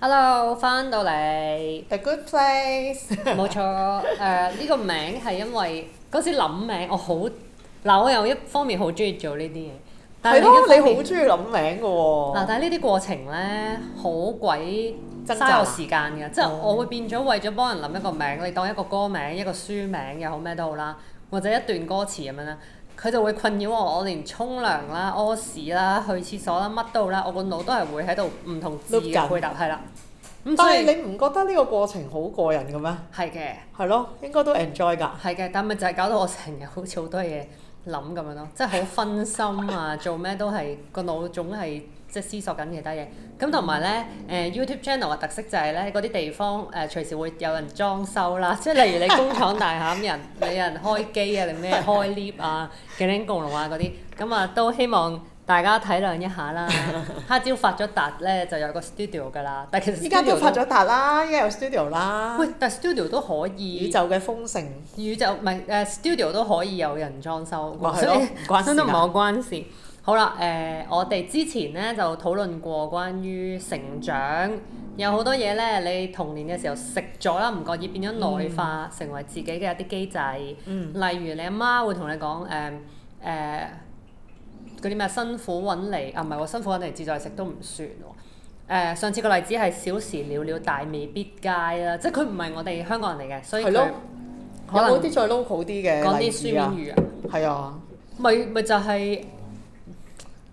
Hello，翻到嚟。The good place。冇錯，誒呢、 呃呢個名係因為嗰時諗名，我好嗱、呃，我有一方面好中意做呢啲嘢。係咯、哦，你好中意諗名嘅嗱、哦呃，但係呢啲過程咧，嗯、好鬼嘥我扎時間㗎，即係、嗯、我會變咗為咗幫人諗一個名，你當一個歌名、一個書名又好咩都好啦，或者一段歌詞咁樣咧。佢就會困擾我，我連沖涼啦、屙屎啦、去廁所啦，乜都啦，我個腦都係會喺度唔同字嘅配搭，係啦但 了。咁、嗯、但係你唔覺得呢個過程好過癮嘅咩？係嘅的。係咯，應該都 enjoy 噶。係嘅，但咪就係搞到我成日好似好多嘢諗咁樣咯？即係好分心啊！ 做咩都係個腦總係。即係思索緊其他嘢，咁同埋咧，誒、呃、YouTube channel 嘅特色就係咧，嗰啲地方誒、呃、隨時會有人裝修啦，即係例如你工廠大廈咁人， 你有人開機啊定咩開 lift 啊、技林共樂啊嗰啲，咁啊都希望大家體諒一下啦。蝦椒 發咗達咧就有個 studio 噶啦，但其實依家都發咗達啦，依家有 studio 啦。喂，但 studio 都可以宇宙嘅豐盛，宇宙唔係誒 studio 都可以有人裝修，呃、所以，、呃、所以都唔係好關事。好啦，誒、呃，我哋之前咧就討論過關於成長，有好多嘢咧。你童年嘅時候食咗啦，唔覺意變咗內化，嗯、成為自己嘅一啲機制，嗯、例如你阿媽會同你講誒誒嗰啲咩辛苦揾嚟啊，唔係我辛苦揾嚟自在食都唔算喎、呃。上次個例子係小時了了，大未必佳啦，即係佢唔係我哋香港人嚟嘅，所以佢有冇啲再 local 啲嘅？講啲書面語啊，係啊，咪咪就係、係就。係。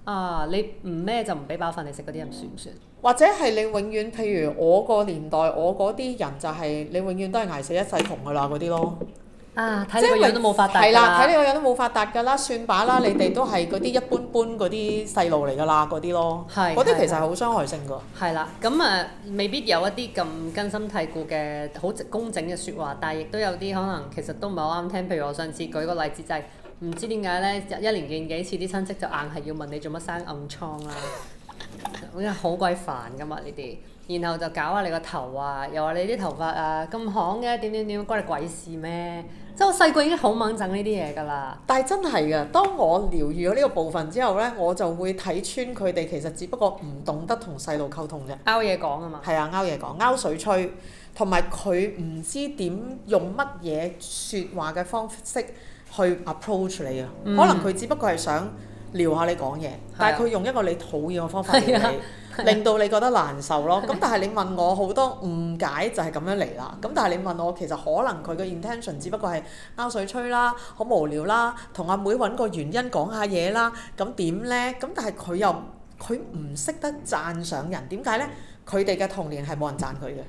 啊！你唔咩就唔俾飽飯你食嗰啲人算唔算？或者係你永遠，譬如我個年代，我嗰啲人就係你永遠都係捱死一世窮噶啦嗰啲咯。啊！睇你個樣都冇發，係啦，睇你個樣都冇發達噶啦，算把啦，你哋都係嗰啲一般般嗰啲細路嚟噶啦嗰啲咯。係。嗰啲其實係好傷害性㗎。係啦，咁誒未必有一啲咁根深蒂固嘅好整工整嘅説話，但係亦都有啲可能其實都唔係好啱聽。譬如我上次舉個例子就係、是。唔知點解咧？一年見幾次啲親戚就硬係要問你做乜生暗瘡啦、啊，咁樣好鬼煩噶嘛呢啲。然後就搞下你個頭啊，又話你啲頭髮啊咁戹嘅，點點點關你鬼事咩？即係我細個已經好掹憎呢啲嘢噶啦。但係真係噶，當我療愈咗呢個部分之後咧，我就會睇穿佢哋其實只不過唔懂得同細路溝通啫。勾嘢講啊嘛。係啊，勾嘢講，勾水吹，同埋佢唔知點用乜嘢説話嘅方式，去 approach 你啊，嗯、可能佢只不過係想撩下你講嘢，嗯、但係佢用一個你討厭嘅方法同你，的令到你覺得難受咯。咁的但係你問我好 多誤解就係咁樣嚟啦。咁、嗯、但係你問我其實可能佢嘅 intention 只不過係啞水吹啦，好無聊啦，同阿妹揾個原因講下嘢啦，咁點咧？咁但係佢又佢唔識得讚賞人，點解咧？佢哋嘅童年係冇人讚佢嘅。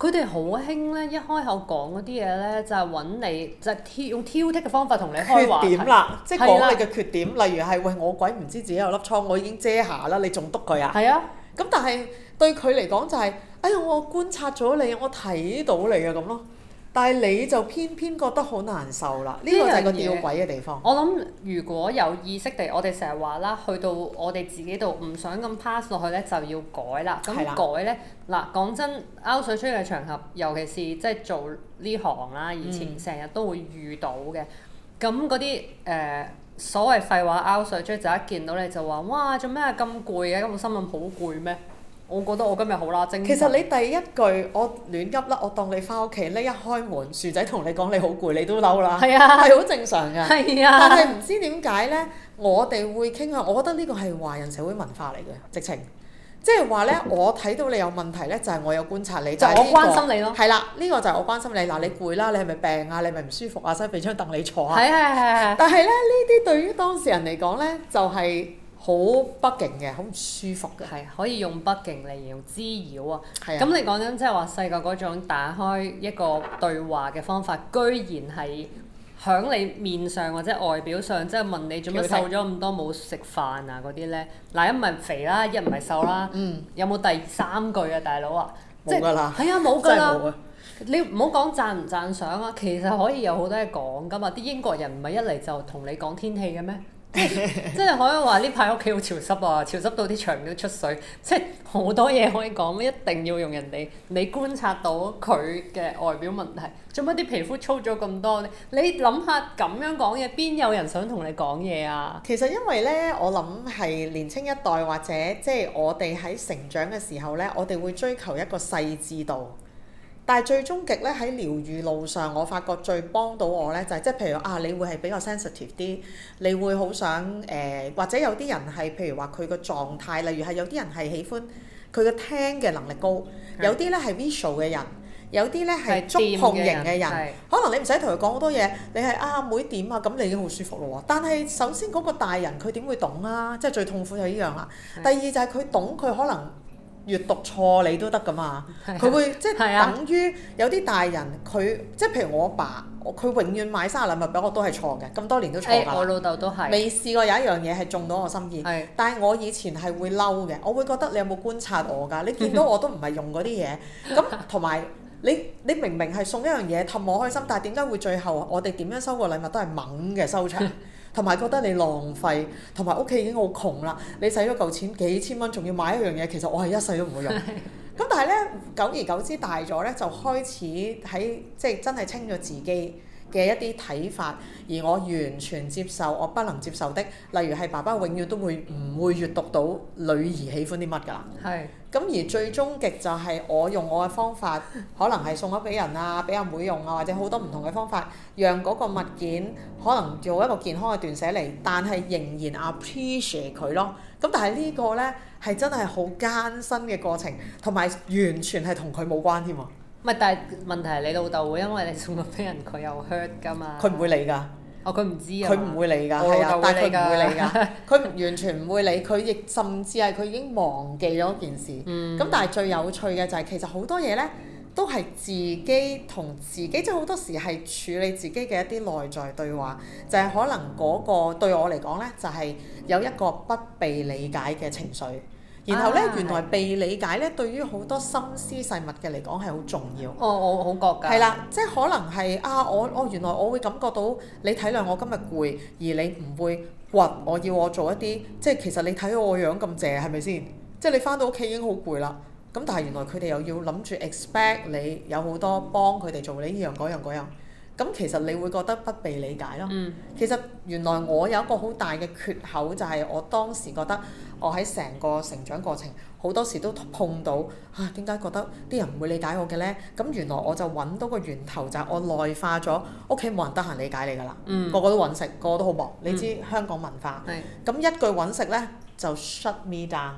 佢哋好興咧，一開口講嗰啲嘢咧，就係、係、揾你，就係、挑用挑剔嘅方法同你開話題啦，即係講你嘅缺點，係啊例如係喂，我鬼唔知自己有粒瘡，我已經遮下啦，你仲督佢啊？係啊，咁但係對佢嚟講就係、係，哎呀，我觀察咗你，我睇到你嘅咁咯。但係你就偏偏覺得好難受啦，呢個就係個吊詭嘅地方。我諗如果有意識地，我哋成日話啦，去到我哋自己度唔想咁 pass 落去咧，就要改啦。咁改咧，嗱，講真，out 水出嘅場合，尤其是即係做呢行啦，以前成日都會遇到嘅。咁嗰啲誒所謂廢話 out 水出就一見到你就話，哇，做咩咁攰嘅？咁我心諗好攰咩？我覺得我今日好啦，正。其實你第一句我亂急亂噏啦，我當你翻屋企咧一開門，薯仔同你講你好攰，你都嬲啦。係是啊，係好正常噶。係是啊。但係唔知點解呢，我哋會傾向。我覺得呢個係華人社會文化嚟嘅，直情，即係話呢，我睇到你有問題呢，就係我有觀察你。就，是這個、就係我關心你咯。係啦，呢個就係我關心你。嗱、啊，你攰啦，你係咪病啊？你咪唔舒服啊？所以畀張凳你坐是啊。係係係係。但係咧，呢啲對於當事人嚟講呢，就係、是。好北勁嘅，好唔舒服嘅。係，可以用北勁嚟形容滋擾啊！咁、啊、你講緊即係話細個嗰種打開一個對話嘅方法，居然係響你面上或者外表上，即、就、係、是、問你做乜瘦咗咁多冇食聽飯啊嗰啲咧？嗱，一唔係肥啦，一唔係瘦啦，嗯、有冇第三句啊，大佬啊？冇㗎啦！真係冇啊！你唔好講讚唔讚賞啊，其實可以有好多嘢講㗎嘛！啲英國人唔係一嚟就同你講天氣嘅咩？即係可以話呢排屋企好潮濕啊！潮濕到啲牆面都出水，即係好多嘢可以講。一定要用人哋你觀察到佢嘅外表問題，做乜啲皮膚粗咗咁多？你諗下咁樣講嘢，邊有人想同你講嘢啊？其實因為呢，我諗係年輕一代或者即係我哋喺成長嘅時候呢，我哋會追求一個細緻度。但係最終極咧喺療愈路上，我發覺最幫到我咧就係即係譬如啊，你會係比較 sensitive 啲，你會好想誒、呃，或者有啲人係譬如話佢個狀態，例如係有啲人係喜歡佢個聽嘅能力高，是有啲咧係 visual 嘅人，有啲咧係觸碰型嘅人，可能你唔使同佢講好多嘢，你係啊妹點啊，咁、啊、你已經好舒服咯喎。但係首先嗰個大人佢點會懂啊？即係最痛苦就依樣啦、啊。第二就係佢懂，佢可能。閱讀錯你都得㗎嘛？佢、啊、會即係等於有啲大人，佢、啊、即係譬如我爸，佢永遠買生日禮物俾我都係錯嘅，咁多年都錯。誒、哎，我老豆都係。未試過有一樣嘢係中到我心意，是但係我以前係會嬲嘅，我會覺得你有冇觀察我㗎？你見到我都唔係用嗰啲嘢，咁同埋你你明明係送一樣嘢氹我開心，但係點解會最後我哋點樣收個禮物都係猛嘅收場？ 同埋覺得你浪費，同埋屋企已經好窮啦，你使咗嚿錢幾千蚊，仲要買一樣嘢，其實我係一世都唔會用。咁 但係咧，久而久之大咗咧，就開始喺即係真係清咗自己。嘅一啲睇法，而我完全接受，我不能接受的，例如係爸爸永遠都會唔會閱讀到女兒喜歡啲乜㗎啦。係。咁而最終極就係我用我嘅方法，可能係送咗俾人啊，俾阿妹用啊，或者好多唔同嘅方法，讓嗰個物件可能做一個健康嘅斷捨離，但係仍然 appreciate 佢咯。咁但係呢個咧，係真係好艱辛嘅過程，同埋完全係同佢冇關添。唔係，但係問題係你老豆會因為你送個俾人，佢有 hurt 噶嘛？佢唔會理㗎。哦，佢唔知啊。佢唔會理㗎，係啊，但係佢唔會理㗎。佢 完全唔會理，佢亦甚至係佢已經忘記咗件事。咁、嗯、但係最有趣嘅就係其實好多嘢咧，都係自己同自己，即係好多時係處理自己嘅一啲內在對話，就係、是、可能嗰個對我嚟講咧，就係有一個不被理解嘅情緒。然後咧，啊、原來被理解咧，對於好多心思細密嘅嚟講係好重要。哦，我好覺㗎。係啦，即係可能係啊，我哦原來我會感覺到你體諒我今日攰，而你唔會屈我要我做一啲，即係其實你睇我樣咁正係咪先？即係你翻到屋企已經好攰啦。咁但係原來佢哋又要諗住 expect 你有好多幫佢哋做呢樣嗰樣嗰樣。咁其實你會覺得不被理解咯。嗯、其實原來我有一個好大嘅缺口，就係、係、我當時覺得。我喺成個成長過程，好多時都碰到啊，點解覺得啲人唔會理解我嘅呢？咁原來我就揾到個源頭，就係、是、我內化咗屋企冇人得閒理解你噶啦、嗯，個個都揾食，個個都好忙。你知、嗯、香港文化，咁是一句揾食呢，就 shut me down。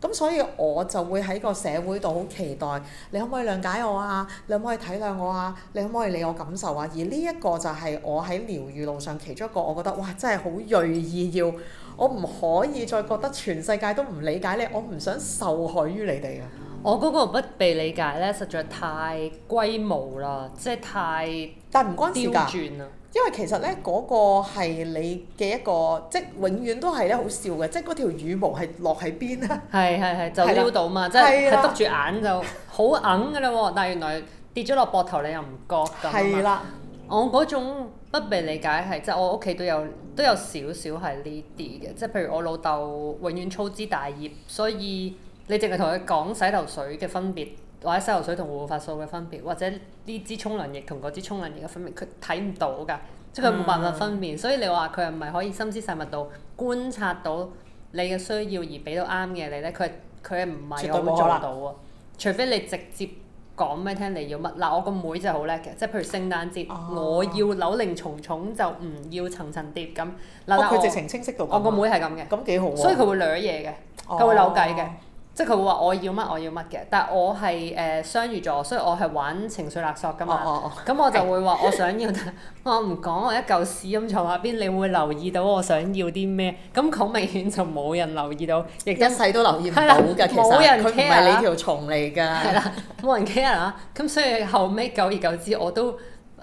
咁所以我就會喺個社會度好期待，你可唔可以諒解我啊？你可唔可以體諒我啊？你可唔可以理我感受啊？而呢一個就係我喺療愈路上其中一個，我覺得哇，真係好銳意要～我唔可以再覺得全世界都唔理解你，我唔想受害於你哋啊！我嗰個不被理解咧，實在太龜毛啦，即係太……但唔關事。間，因為其實咧嗰、嗰個係你嘅一個，即係永遠都係咧好笑嘅，即係嗰條羽毛係落喺邊啊？係係係，就撩到嘛，啦即係係篤住眼就好硬㗎啦喎！但原來跌咗落膊頭，你又唔覺㗎嘛？係啦，我嗰種。不被理解係，即係我屋企都有都有少少係呢啲嘅，即係譬如我老豆永遠粗枝大葉，所以你淨係同佢講洗頭水嘅分別，或者洗頭水同護髮素嘅分別，或者呢支沖涼液同嗰支沖涼液嘅分別，佢睇唔到㗎，即係佢冇辦法分辨，嗯、所以你話佢係唔係可以心思細密到觀察到你嘅需要而俾到啱嘅你咧？佢佢唔係冇做到喎，除非你直接。講咩聽你要乜。嗱，我個妹，妹就好叻嘅，即係譬如聖誕節，哦、我要扭零重重，就唔要層層疊咁。嗱嗱、哦、佢直情清晰到我個妹係咁嘅，幾好，啊、所以佢會掠嘢嘅，佢、哦、會扭計嘅。哦即係佢會話我要乜我要乜嘅，但係我係誒雙魚座，所以我係玩情緒勒索㗎嘛。咁、oh, oh, oh. 我就會話我想要，但係 我唔講我一嚿屎咁坐下邊，你會留意到我想要啲咩？咁好明顯就冇人留意到，亦一世都留意唔到㗎。其實冇人，佢唔係你條蟲嚟㗎。係啦，冇人 care 啊！咁 所以後尾久而久之，我都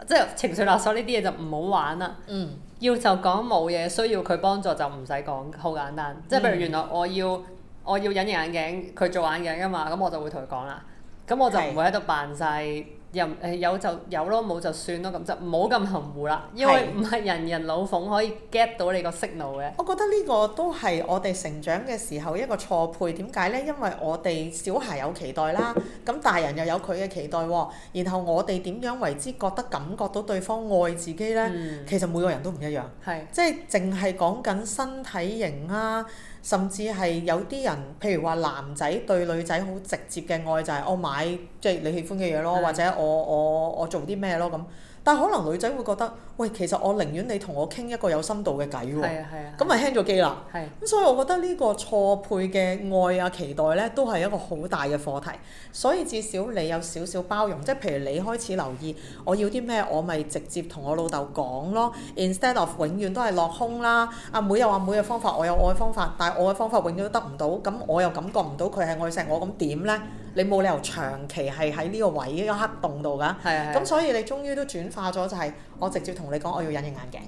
即係情緒勒索呢啲嘢就唔好玩啦。嗯、要就講冇嘢需要佢幫助就唔使講，好簡單。即係譬如原來我要。 我要隱形眼鏡，佢做眼鏡啊嘛，咁我就會同佢講啦。咁我就唔會喺度扮晒，又誒是有，有就有咯，冇就算咯，咁就唔好咁含糊啦。因為唔係人人老奉可以 get 到你個 signal 嘅。我覺得呢個都係我哋成長嘅時候一個錯配，點解呢？因為我哋小孩有期待啦，咁大人又有佢嘅期待喎、喔。然後我哋點樣為之覺得感覺到對方愛自己呢？嗯、其實每個人都唔一樣，是即係淨係講緊身體型啊。甚至係有啲人，譬如話男仔對女仔好直接嘅愛就係、是、我、哦、買即係你喜歡嘅嘢咯，或者我我我做啲咩咯咁。但係可能女仔會覺得，喂，其實我寧願你同我傾一個有深度嘅偈喎，咁咪輕咗機啦。咁係呀、嗯、所以我覺得呢個錯配嘅愛啊、期待咧，都係一個好大嘅課題。所以至少你有少少包容，即係譬如你開始留意我，我要啲咩，我咪直接同我老豆講咯。Instead of 永遠都係落空啦。阿妹有阿妹嘅方法，我有我嘅方法，但係我嘅方法永遠都得唔到。咁我又感覺唔到佢係愛錫我，咁點咧？你冇理由長期係喺呢個位呢個黑洞度㗎。咁係呀所以你終於都轉。化咗就係我直接同你講，我要隱形眼鏡。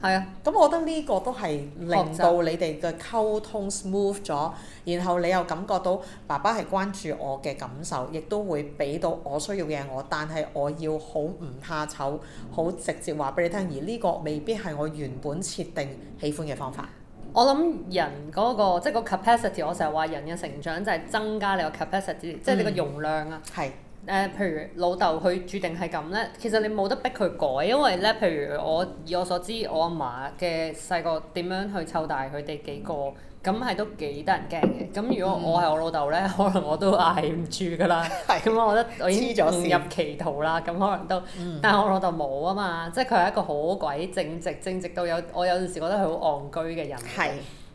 係啊，咁我覺得呢個都係令到你哋嘅溝通 smooth 咗，確實。然後你又感覺到爸爸係關注我嘅感受，亦都會俾到我需要嘅我，但係我要好唔怕醜，好直接話俾你聽。而呢個未必係我原本設定喜歡嘅方法。我諗人嗰、那個即係、就是、個 capacity，我成日話人嘅成長就係增加你個 capacity，即係、嗯、你個容量啊。係。誒、呃，譬如老豆佢注定係咁咧，其實你冇得逼佢改，因為咧，譬如我以我所知，我阿嫲嘅細個點樣去湊大佢哋幾個，咁係都幾得人驚嘅。咁如果我係我老豆咧，嗯、可能我都捱唔住㗎啦。係是。咁我覺得我已經墮入歧途啦。咁了可能都，但係我老豆冇啊嘛，即係佢係一個好鬼正直，正直到有我有陣時覺得佢好戇居嘅人。係是。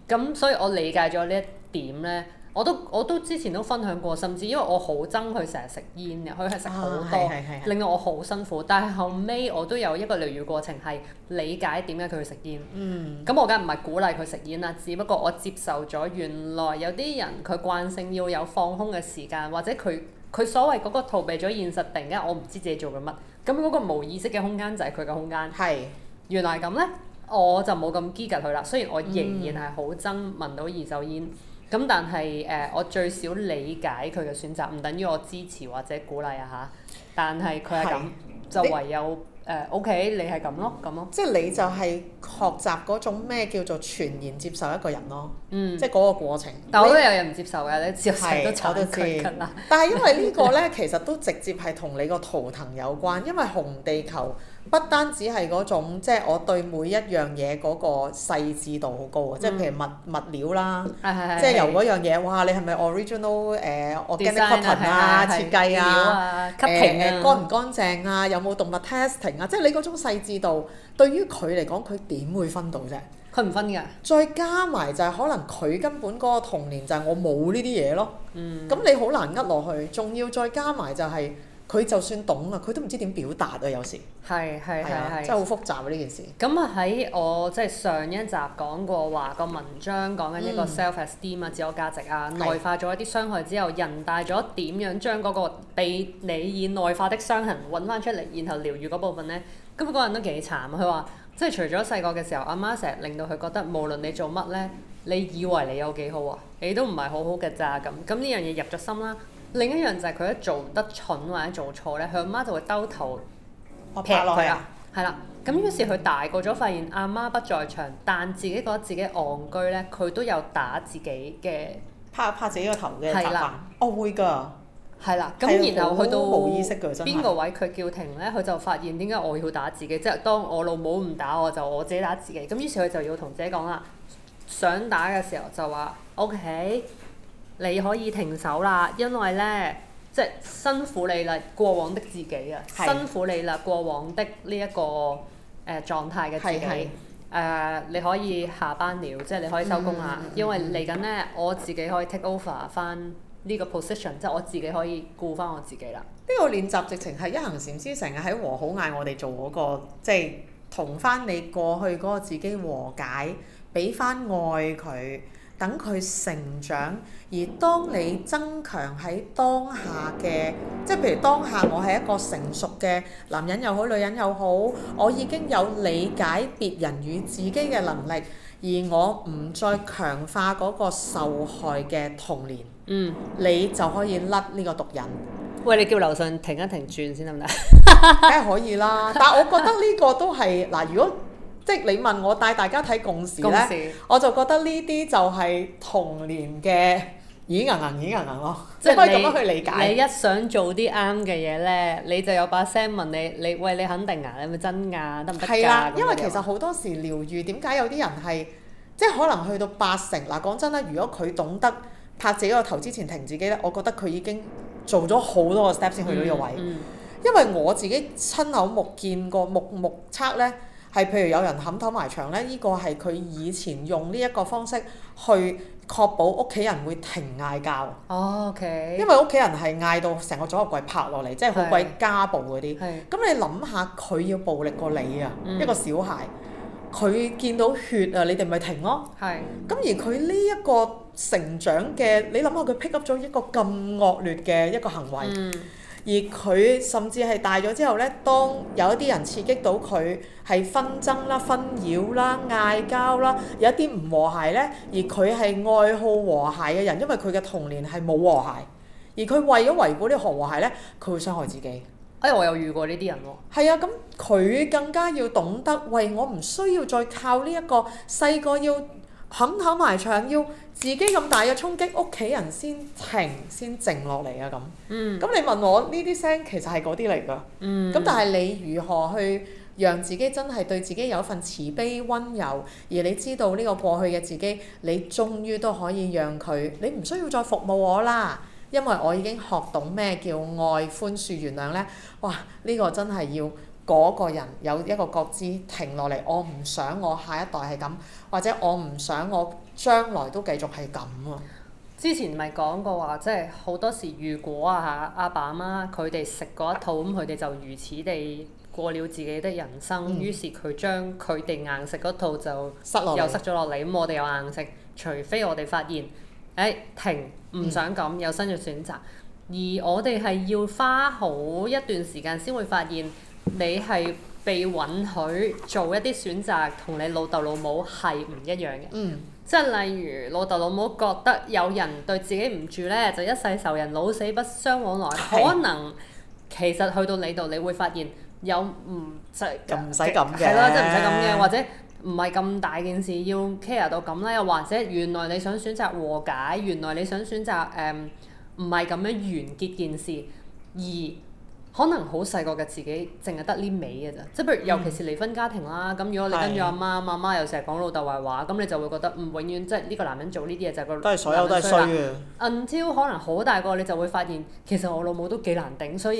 咁所以我理解咗呢一點咧。我都我都之前都分享過，甚至因為我好憎佢成日食煙嘅，佢係食好多，啊、是是是是令到我好辛苦。但係後尾我都有一個療愈過程，係理解點解佢去食煙。嗯。咁我梗唔係鼓勵佢食煙啦，只不過我接受咗原來有啲人佢慣性要有放空嘅時間，或者佢佢所謂嗰個逃避咗現實，突然間我唔知自己做緊乜。咁嗰個無意識嘅空間就係佢嘅空間。係。是 原來咁呢，我就冇咁堅極佢啦。雖然我仍然係好憎聞到二手煙。嗯咁、嗯、但係誒、呃，我最少理解佢嘅選擇，唔等於我支持或者鼓勵啊嚇。但係佢係咁，是就唯有誒，O K，你係咁、呃 OK，咯，咁、嗯、咯。即係你就係學習嗰種咩叫做全然接受一個人咯，嗯、即係嗰個過程。但係我都有人唔接受嘅，你接受你都踩到佢腳。但係因為呢個呢，其實都直接係同你個圖騰有關， 因為紅地球。不單止係嗰種，即係我對每一樣嘢嗰個細緻度好高啊！即係譬如物物料啦，即係由嗰樣嘢，哇！你係咪 original 誒 organic cotton 啊？設計啊，cutting 乾唔乾淨啊？有冇動物 testing 啊？即係你嗰種細緻度，對於佢嚟講，佢點會分到啫？佢唔分㗎。再加埋就係可能佢根本嗰個童年就係我冇呢啲嘢咯。嗯。咁你好難呃落去，仲要再加埋就係。佢就算懂啊，佢都唔知點表達啊，有時係係係係，真係好複雜啊呢、嗯、件事。咁啊喺我即係上一集講過話個文章講緊呢個 self-esteem 啊，esteem, 嗯、自我價值啊，內化咗一啲傷害之後，是人大咗點樣將嗰個被你以內化的傷痕揾翻出嚟，然後療愈嗰部分呢？咁嗰個人都幾慘啊！佢話即係除咗細個嘅時候，阿媽成日令到佢覺得，無論你做乜呢，你以為你有幾好啊？你都唔係好好嘅咋，咁咁呢樣嘢入咗心啦。另一樣就係佢一做得蠢或者做錯咧，佢阿媽就會兜頭劈落去。啊。係啦，咁於是佢大個咗，發現阿媽不在場，但自己覺得自己戇居咧，佢都有打自己嘅，拍拍自己個頭嘅習慣。我會㗎。係啦，咁然後去到邊個位佢叫停咧，佢就發現點解我要打自己？即係當我老母唔打我就我自己打自己。咁於是佢就要同自己講啦，想打嘅時候就話 OK。你可以停手啦，因為呢，即係辛苦你啦，過往的自己啊，是辛苦你啦，過往的呢、這、一個誒、呃、狀態嘅自己。係是、呃、你可以下班了，即係你可以收工啦，嗯、因為嚟緊呢，我自己可以 take over 翻呢個 position、嗯、即係我自己可以顧翻我自己啦。呢個練習直情係一行禪師成日喺和好嗌我哋做嗰、那個，即係同翻你過去嗰個自己和解，俾翻愛佢。等佢成長，而當你增強喺當下嘅，即係譬如當下我係一個成熟嘅男人又好，女人又好，我已經有理解別人與自己嘅能力，而我唔再強化嗰個受害嘅童年，嗯，你就可以甩呢個毒癮。喂，你叫劉信停一停轉先得唔得？梗 係可以啦，但我覺得呢個都係嗱，如果。即係你問我帶大家睇共事咧，共事，我就覺得呢啲就係童年嘅耳硬硬耳硬硬咯。 即可以咁樣去理解， 你一想做啲啱嘅嘢咧，你就有把聲問你你，你喂，你肯定你是是行行啊？你係咪真㗎？得唔得㗎？係啦，因為其實好多時療愈點解有啲人係即係可能去到八成嗱，講、啊、真啦，如果佢懂得拍自己個頭之前停自己咧，我覺得佢已經做咗好多個 step 先去到呢個位。嗯嗯、因為我自己親口目見過目目測咧。係譬如有人冚頭埋牆咧，呢、這個係佢以前用呢一個方式去確保屋企人會停嗌交。哦、oh, okay. 因為屋企人係嗌到成個組合櫃拍落嚟，是即係好鬼家暴嗰啲。係是。咁你諗下，佢要暴力過你啊？嗯、一個小孩，佢見到血啊，你哋咪停咯、啊。係是。咁而佢呢一個成長嘅，你諗下佢 pick up 咗一個咁惡劣嘅一個行為。嗯而佢甚至係大咗之後呢，當有一啲人刺激到佢係紛爭啦、紛擾啦、嗌交啦，有一啲唔和諧呢。而佢係愛好和諧嘅人，因為佢嘅童年係冇和諧，而佢為咗維護呢個和諧呢，佢會傷害自己。哎，我有遇過呢啲人喎、哦。係啊，咁、嗯、佢更加要懂得，喂，我唔需要再靠呢、這、一個細個要。肯肯埋長腰，坑坑要自己咁大嘅衝擊，屋企人先停，先靜落嚟啊！咁，咁、嗯、你問我呢啲聲其實係嗰啲嚟㗎。咁、嗯、但係你如何去讓自己真係對自己有一份慈悲溫柔，而你知道呢個過去嘅自己，你終於都可以讓佢，你唔需要再服務我啦，因為我已經學懂咩叫愛、寬恕、原諒呢。哇！呢、呢個真係要～嗰個人有一個覺知停落嚟，我唔想我下一代係咁，或者我唔想我將來都繼續係咁喎。之前咪講過話，即係好多時，如果啊阿爸阿媽佢哋食嗰一套，咁佢哋就如此地過了自己的人生，嗯、於是佢將佢哋硬食嗰套就塞落，又塞咗落嚟。咁我哋又硬食，除非我哋發現，誒、欸、停，唔想咁，嗯、有新嘅選擇。而我哋係要花好一段時間先會發現。你係被允許做一啲選擇，同你老豆老母係唔一樣嘅。嗯。即係例如老豆老母覺得有人對自己唔住呢，就一世仇人，老死不相往來。係。可能其實去到你度，你會發現有唔即唔使咁嘅。係咯，即係唔使咁嘅，或者唔係咁大件事要 care 到咁啦。又或者原來你想選擇和解，原來你想選擇誒唔係咁樣完結件事而。可能好細個嘅自己，淨係得呢味嘅咋，即係譬如，尤其是離婚家庭啦。咁、嗯、如果你跟住阿媽，阿是媽，媽又成日講老豆壞話，咁你就會覺得，嗯，永遠即係呢個男人做呢啲嘢就係個。都係所有都係衰嘅。暗超可能好大個，你就會發現，其實我老母都幾難頂，所以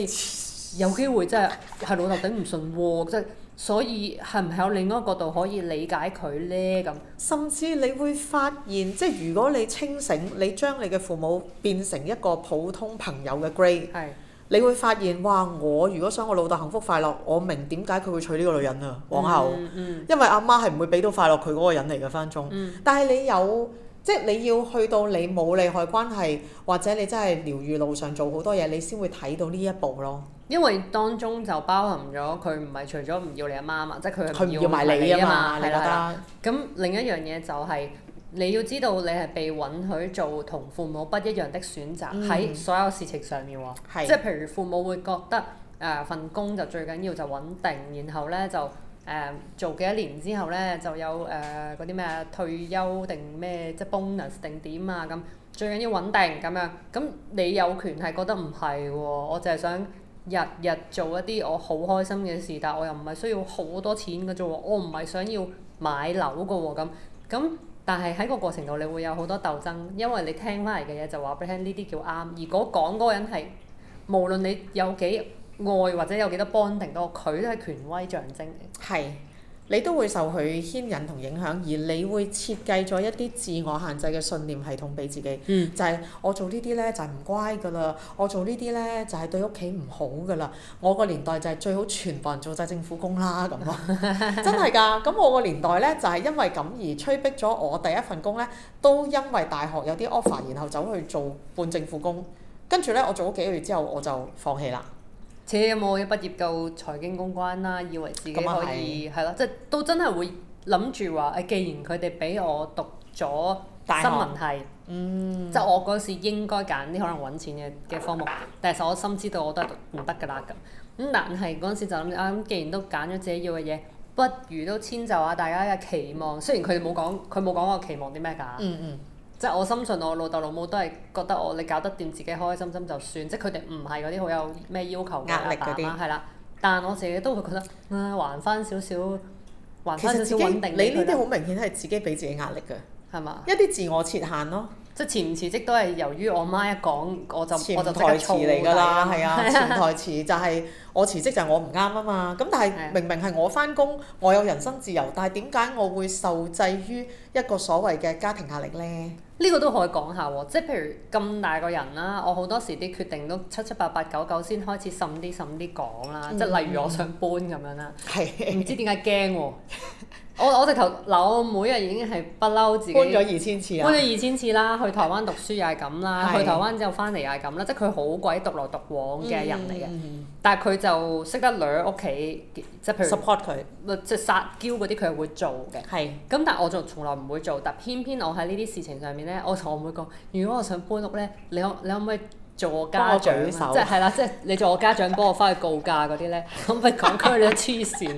有機會即係係老豆頂唔順喎，即係 所以係唔係有另一個角度可以理解佢呢？咁，甚至你會發現，即、就、係、是、如果你清醒，你將你嘅父母變成一個普通朋友嘅 grade。你會發現，哇！我如果想我老豆幸福快樂，我明點解佢會娶呢個女人啊。往後，嗯嗯、因為阿媽係唔會俾到快樂佢嗰個人嚟嘅，翻中。嗯、但係你有，即係你要去到你冇利害關係，或者你真係療愈路上做好多嘢，你先會睇到呢一步咯。因為當中就包含咗佢唔係除咗唔要你阿媽嘛，即係佢唔要埋你啊嘛，係啦。咁另一樣嘢就係。你要知道，你係被允許做同父母不一樣的選擇喺、嗯、所有事情上面是即係譬如父母會覺得誒、呃、份工就最緊要就穩定，然後咧就誒、呃、做幾多年之後咧就有誒嗰啲咩退休定咩即 bonus 定點啊咁。最緊要穩定咁樣。咁你有權係覺得唔係喎，我就係想日日做一啲我好開心嘅事，但係我又唔係需要好多錢嘅啫喎，我唔係想要買樓嘅喎咁咁。但係喺個過程度，你會有好多鬥爭，因為你聽翻嚟嘅嘢就話俾你聽，呢啲叫啱。如果講嗰人係，無論你有幾愛或者有幾多 bond 定嗰佢，都係權威象徵。係。你都會受佢牽引同影響，而你會設計咗一啲自我限制嘅信念系統俾自己，嗯、就係我做呢啲呢，就係唔乖㗎啦，我做呢啲呢，就係對屋企唔好㗎啦。我個年代就係最好全部人做晒政府工啦咁啊， 真係㗎。咁我個年代呢，就係因為咁而催逼咗我第一份工呢，都因為大學有啲 offer，然後走去做半政府工，跟住呢，我做咗幾個月之後我就放棄啦。且有冇一畢業就財經公關啦，啊，以為自己可以係咯，即係都真係會諗住話誒。既然佢哋俾我讀咗新聞系，嗯、即係我嗰時應該揀啲可能揾錢嘅嘅科目，但係實我心知道我都係讀唔得㗎啦咁。咁但係嗰陣時就諗啊，咁既然都揀咗自己要嘅嘢，不如都遷就下大家嘅期望。雖然佢哋冇講，佢冇講我期望啲咩㗎。嗯嗯。即係我深信，我老豆老母都係覺得我你搞得掂，自己開開心心就算。即係佢哋唔係嗰啲好有咩要求壓力嗰啲，係啦。但我自己都會覺得，誒、啊，還翻少少，還翻少少穩定。你呢啲好明顯係自己俾就自己壓力㗎，係嘛吧？一啲自我設限咯。即係辭唔辭職都係由於我媽一講，我就我就太操㗎啦，係啊，潛台詞就係我辭職就係我唔啱啊嘛。咁 但係明明係我翻工，我有人身自由，但係點解我會受制於一個所謂嘅家庭壓力咧？呢個都可以講下喎，即係譬如咁大個人啦，我好多時啲決定都七七八八九九先開始審啲審啲講啦，即係、嗯、例如我想搬咁樣啦，係唔 知點解驚喎。 我我直頭，我妹啊已經係不嬲自己搬咗二千次啊！搬咗二千次啦，去台灣讀書又係咁啦， 去台灣之後翻嚟又係咁啦，即係佢好鬼獨來獨往嘅人嚟嘅，嗯、但係佢就識得女屋企，即係譬如 support 佢，即係撒嬌嗰啲佢係會做嘅。係是。咁但係我就從來唔會做，但偏偏我喺呢啲事情上面咧，我同我妹講：如果我想搬屋咧，你可你可唔可以？做我家長，手即係係啦， 即係你做我家長幫我翻去告假嗰啲咧，咁咪講佢你都黐線。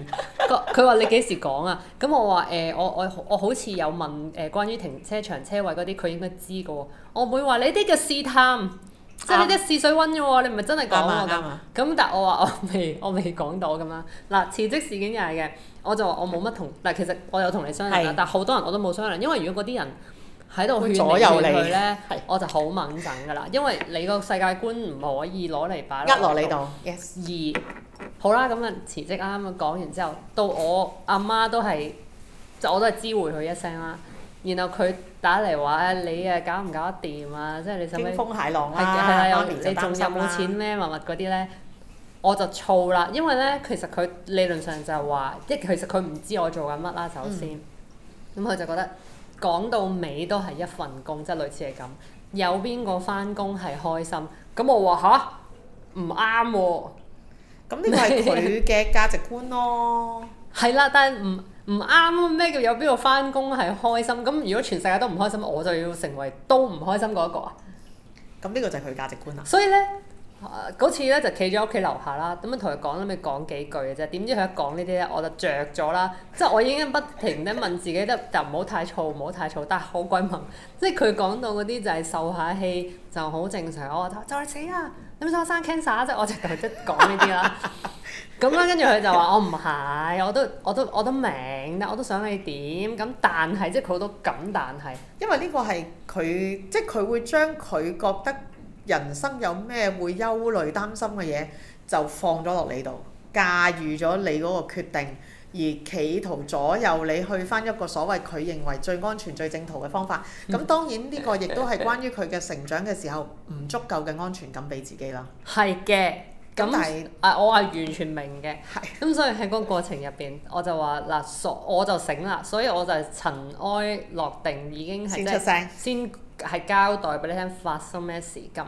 個佢話你幾時講啊？咁我話誒、呃，我我我好似有問誒、呃、關於停車場車位嗰啲，佢應該知嘅喎。我唔會話你啲叫試探，啊、即係你啲試水温啫喎。你唔係真係講我㗎嘛？」咁但係我話我未我未講到㗎嘛。嗱辭職事件又係嘅，我就話我冇乜同。嗱其實我有同你商量，但係好多人我都冇商量，因為如果嗰啲人。喺度勸你、勸佢咧，是我就好敏感㗎啦，因為你個世界觀唔可以攞嚟擺，呃落你度。y 二而，嗯、好啦，今日辭職啱啱講完之後，到我阿媽，媽都係，就我都係知會佢一聲啦。然後佢打嚟話、啊：你誒、啊、搞唔搞得掂啊？即係你後屘。驚風蟹浪、啊啊、啦！阿年就擔心冇錢咩物物嗰啲咧，我就燥啦。因為咧，其實佢理論上就係、是、話，即係其實佢唔知我做緊乜啦。首先，咁佢就覺得。講到尾都係一份工，即係類似係咁。有邊個翻工係開心？咁我話嚇唔啱喎。咁呢、啊、個係佢嘅價值觀咯。係 啦，但係唔唔啱，咩叫有邊個翻工係開心？咁如果全世界都唔開心，我就要成為都唔開心嗰一個啊！咁呢個就係佢價值觀啦。所以呢。嗰次咧就企咗喺屋企樓下啦，咁樣同佢講，咁樣講幾句嘅啫。點知佢一講呢啲咧，我就着咗啦。即係我已經不停咧問自己，得，就唔好太燥，唔好太燥。」但係好鬼問。即係佢講到嗰啲就係受下氣就好正常。我話就就係死你咪、啊、想我生 cancer 啫、啊，我就即係講呢啲啦。咁咧跟住佢就話我唔係，我都我都我都，我都明，但我都想你點。咁但係即係佢好多咁，但係因為呢個係佢、嗯、即係佢會將佢覺得。人生有咩會憂慮擔心嘅嘢，就放咗落你度，駕馭咗你嗰個決定，而企圖左右你去翻一個所謂佢認為最安全、最正途嘅方法。咁 當然呢個亦都係關於佢嘅成長嘅時候唔 足夠嘅安全感俾自己啦。係嘅的，咁但係啊我係完全明嘅。係的。咁所以喺個過程入邊，我就話嗱，所我就醒啦，所以我就係塵埃落定，已經係即係先係交代俾你聽發生咩事咁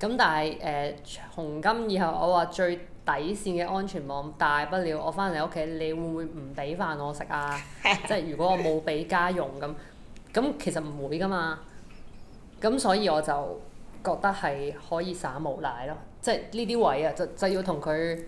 咁，但係誒、呃、從今以後，我話最底線嘅安全網，大不了我翻嚟屋企，你會唔會唔俾飯我食啊？ 即係如果我冇俾家用咁，咁其實唔會噶嘛。咁所以我就覺得係可以耍無賴咯，即係呢啲位啊，就就要同佢。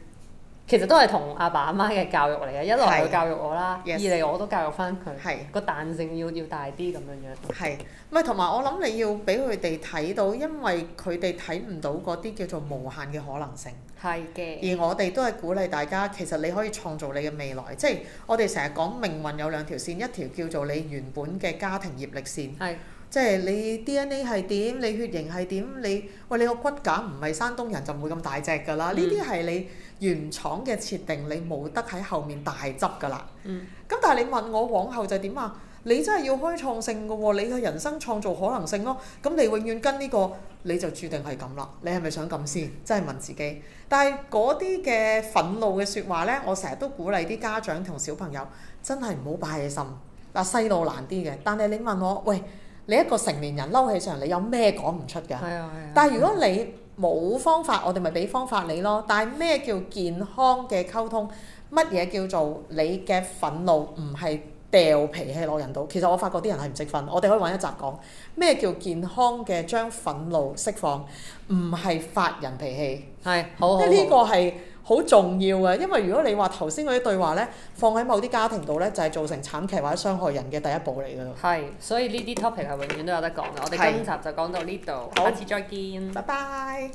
其實都係同阿爸阿媽嘅教育嚟嘅，一路佢教育我啦，Yes. 二嚟我都教育翻佢。是個彈性要要大啲咁樣樣。係咪？同埋我諗你要俾佢哋睇到，因為佢哋睇唔到嗰啲叫做無限嘅可能性。係嘅的。而我哋都係鼓勵大家，其實你可以創造你嘅未來。即係我哋成日講命運有兩條線，一條叫做你原本嘅家庭業力線，是即係你 DNA 係點，你血型係點，你喂，你個骨架唔係山東人就唔會咁大隻㗎啦。呢啲係你。嗯原廠嘅設定，你冇得喺後面大執噶啦。咁、嗯、但係你問我往後就點啊？你真係要開創性噶喎、哦，你嘅人生創造可能性咯、哦。咁你永遠跟呢個，你就注定係咁啦。你係咪想咁先？真係問自己。但係嗰啲嘅憤怒嘅説話呢，我成日都鼓勵啲家長同小朋友真係唔好擺起心。嗱、啊，細路難啲嘅，但係你問我，喂，你一個成年人嬲起上嚟，你有咩講唔出㗎？係啊係啊係啊。但係如果你冇方法，我哋咪俾方法你咯。但係咩叫健康嘅溝通？乜嘢叫做你嘅憤怒唔係掉脾氣落人度？其實我發覺啲人係唔識憤，我哋可以揾一集講咩叫健康嘅將憤怒釋放，唔係發人脾氣。係，好。即呢個係。好重要嘅，因為如果你話頭先嗰啲對話呢，放喺某啲家庭度呢，就係造成慘劇或者傷害人嘅第一步嚟嘅咯。係，所以呢啲 topic 係永遠都有得講嘅。的我哋今集就講到呢度，好下次再見。拜拜。